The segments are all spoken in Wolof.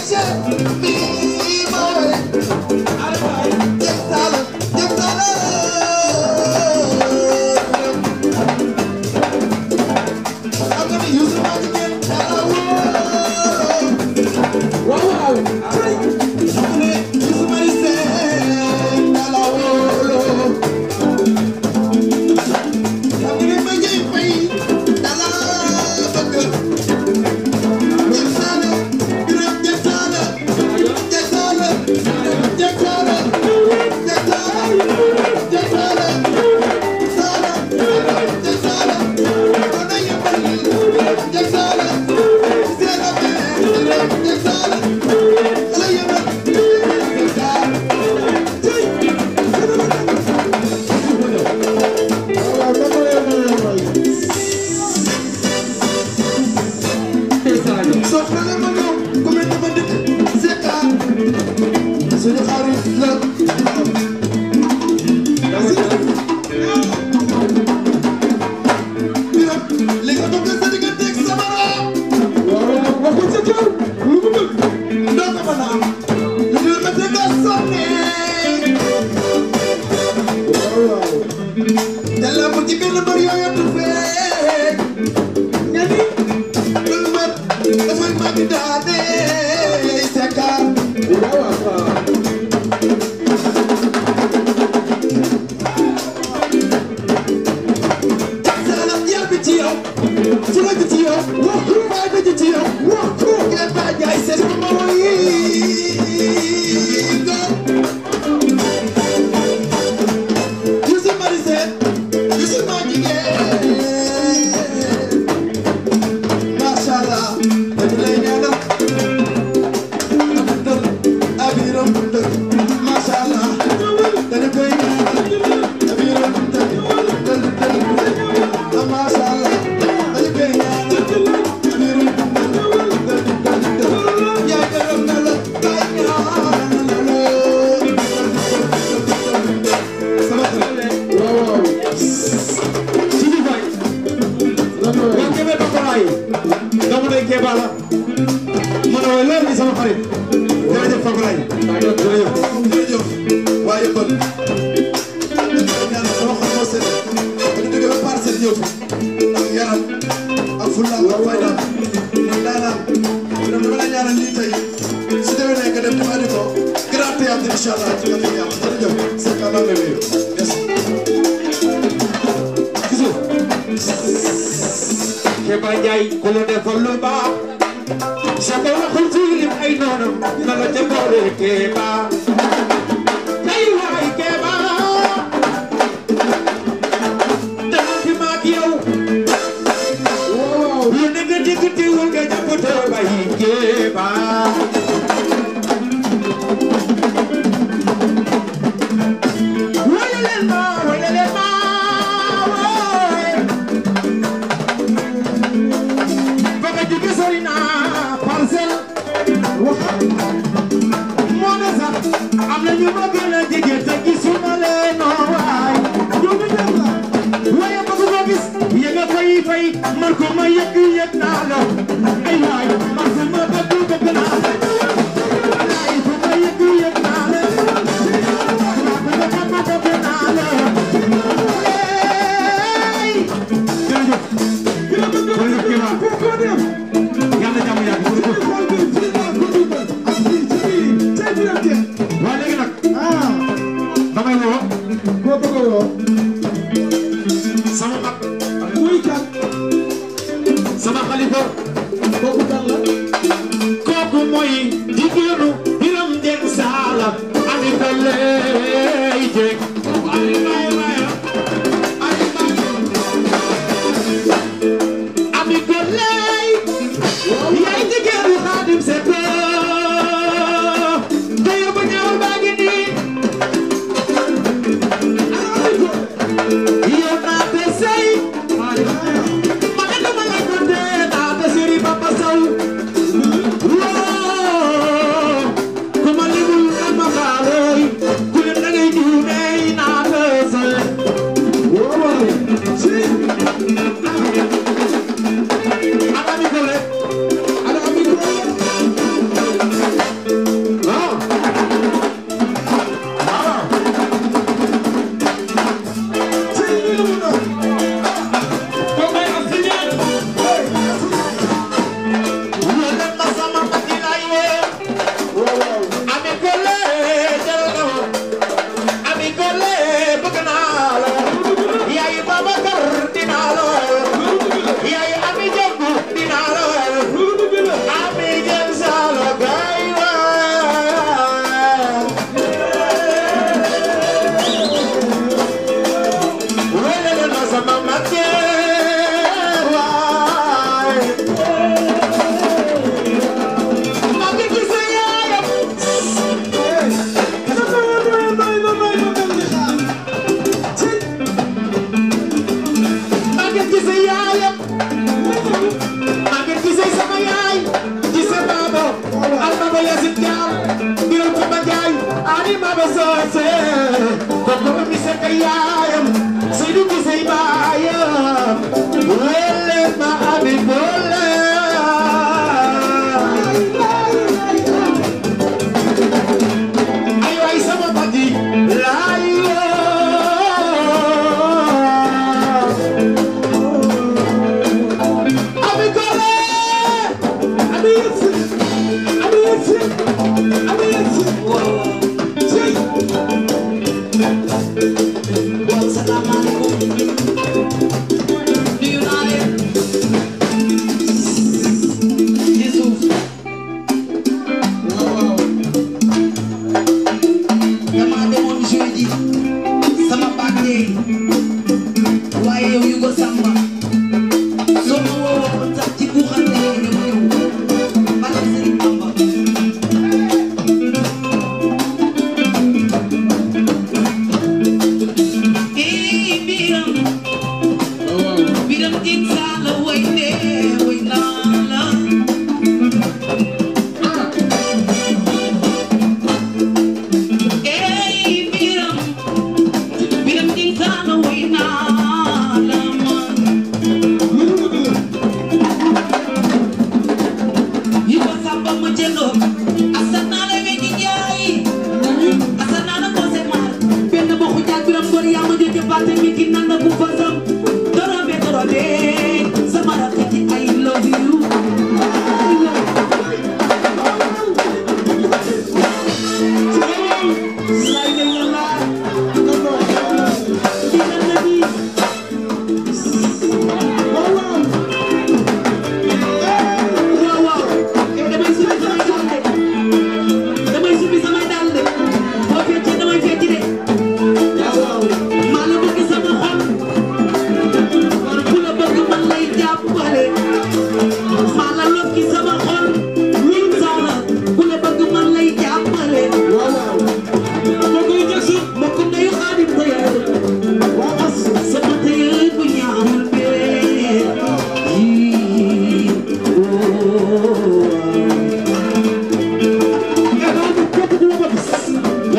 Nature. lamb ji benn mbër yooyu du feeñ nga ni loolu wër damay maa bi daanee a. Kéba Njaay Kéba you are not gonna dig it mooy jigéenu biram jeng saala ani dalay jeng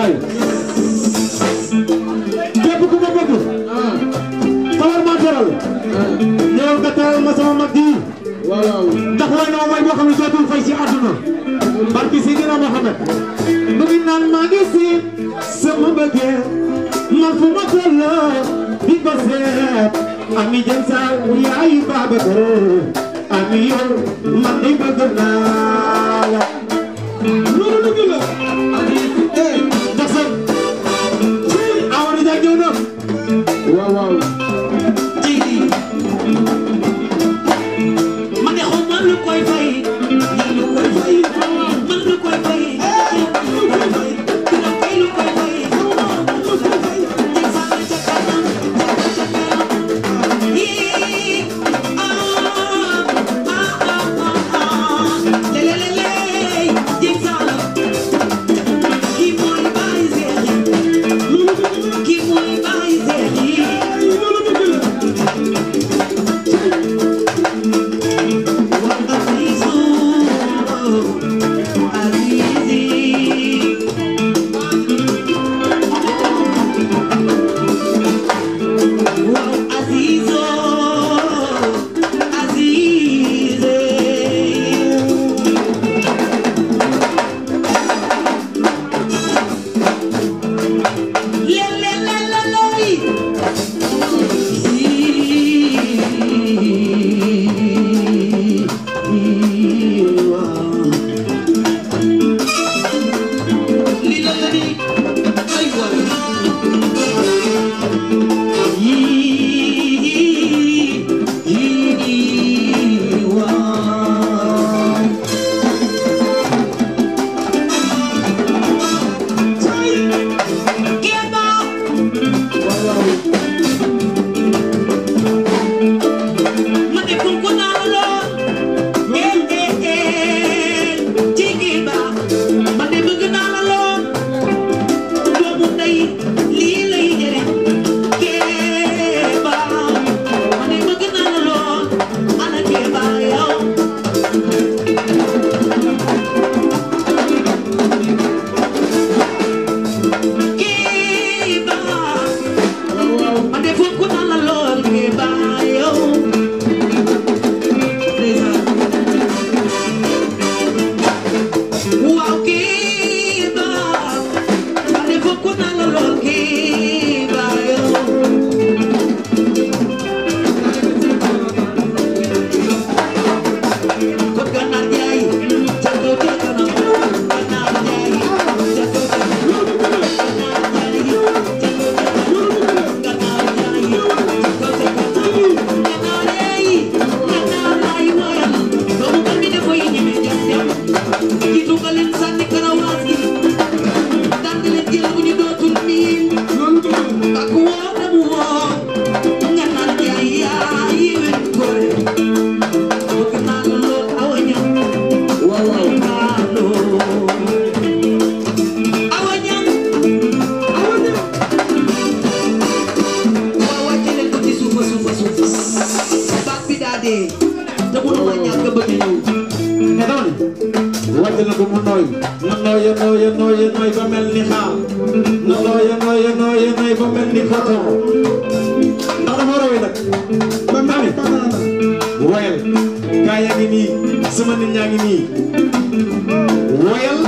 Ndiaye. képp ku ma bëgg. tawar ma teral. ñëwal nga ma sama mag ji. waaw ndax way ma may boo xam ne dootul fay si àdduna. barki si dina Mohamed. mu ngi naan maa ngi si sama bëggee man ma toll di dee te mënuma ñàkk a bëgg ñëw nga xam ne wàcc na ko mu nooy na nooy ya nooy ya nooy ya nooy ba mel ni xaar na nooy ya nooy ya nooy ya nooy ba mel ni xotoo ndax dafa rawee nag ba mami woyal gaa yaa ngi nii sama nit ñaa ngi nii woyal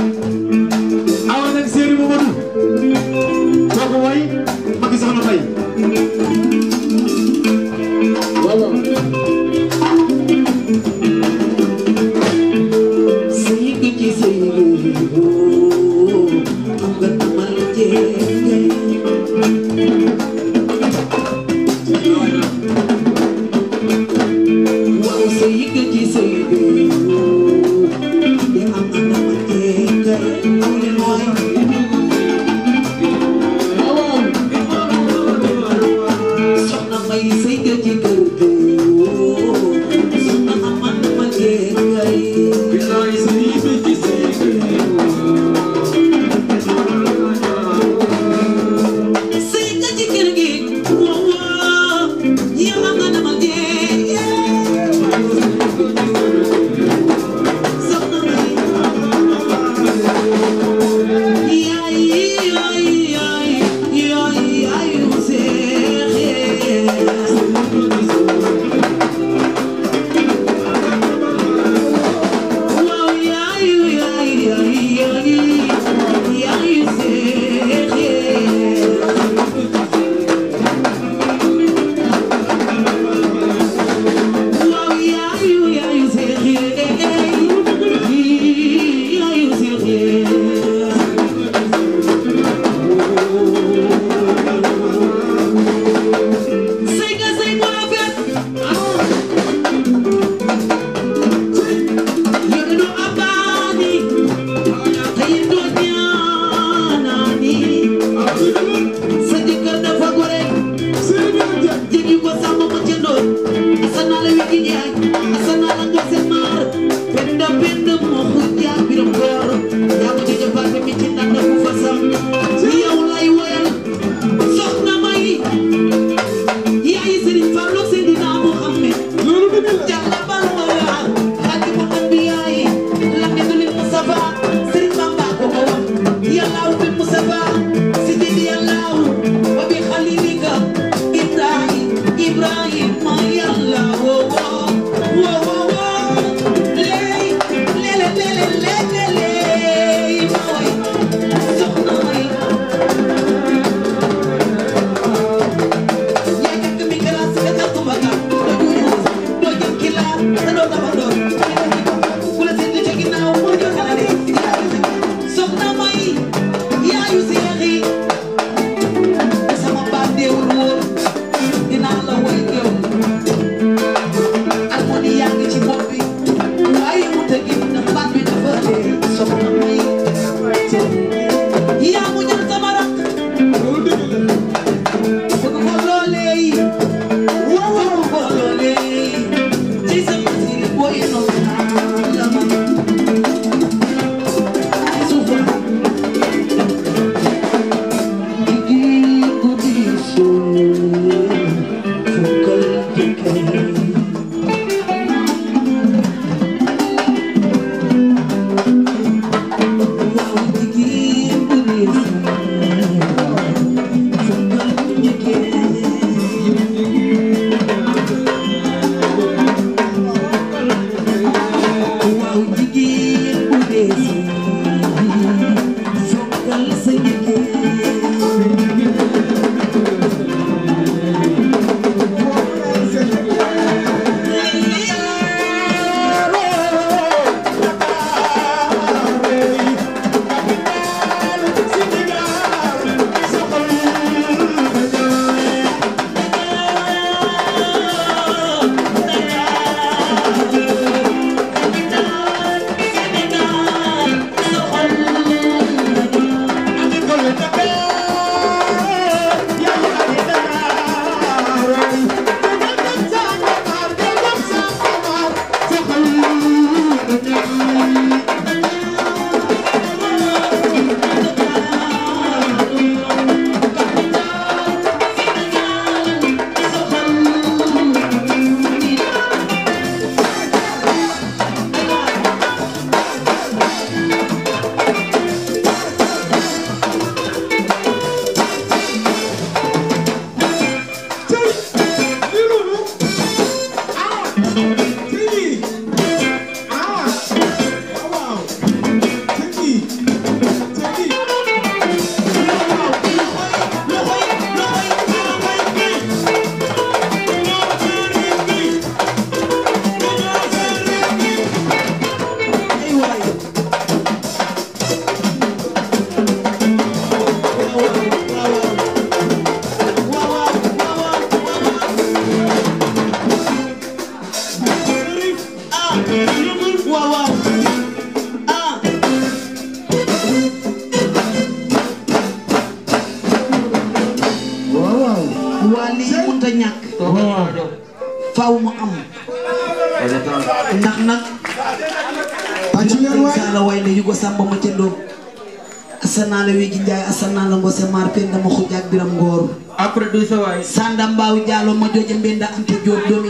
Omar Penda ma xujaak biram ngoor après du sa waay Sanda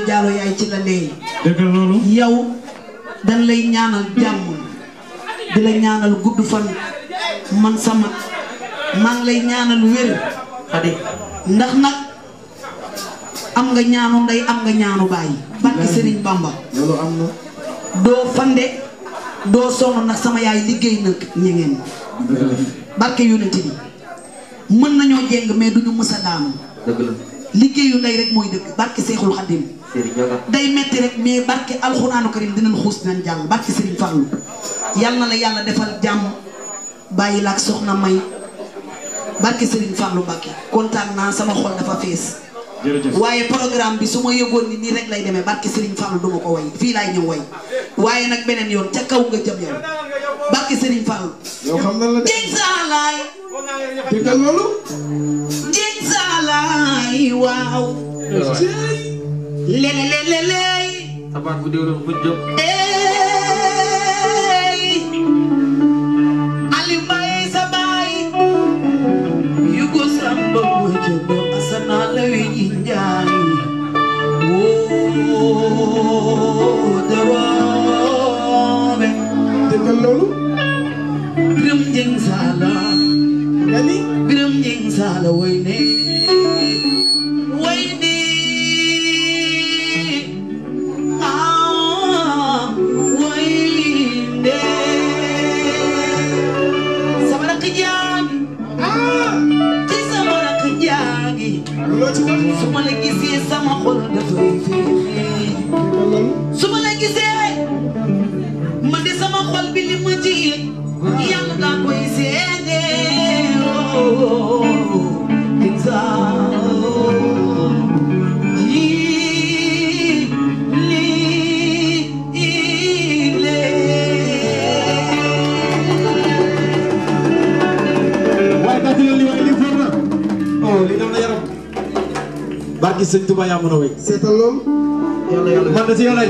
yaay ci la yow dañ lay ñaanal jàmm di la ñaanal gudd fan man lay ñaanal wér xadi ndax nag am nga ñaanu ndey am nga ñaanu bàyyi barke Serigne Bamba na doo fande doo sonn nag sama yaay liggéey nag ñegeen barke yonent bi mën nañoo jéng mais duñu mës a daanu. dëgg la liggéeyu rek mooy dëgg barke Seexul Xadim day metti rek mais barke alxuraanu karim dinañ xuus dinañ jàll barke Serigne Fallou yal na la yàlla defal jàmm bàyyi la ak soxna May barke Serigne Fallou Mbacke kontaan naa sama xol dafa fees. waaye programme bi su ma yëgoon ni nii rek lay demee barke Serigne Fallou du ma ko woy fii laay ñëw way waaye nag beneen yoon ca kaw nga jëm yow. barke Serigne Fall. yow xam na la de. Dieng Saalaay. déggal loolu. Dieng Saalaay waaw. lele lele lele. tabaat bu déwénoo bu jóg. Touba yaa mën a wéy. seetal loolu. yàlla yàlla man de si yow lay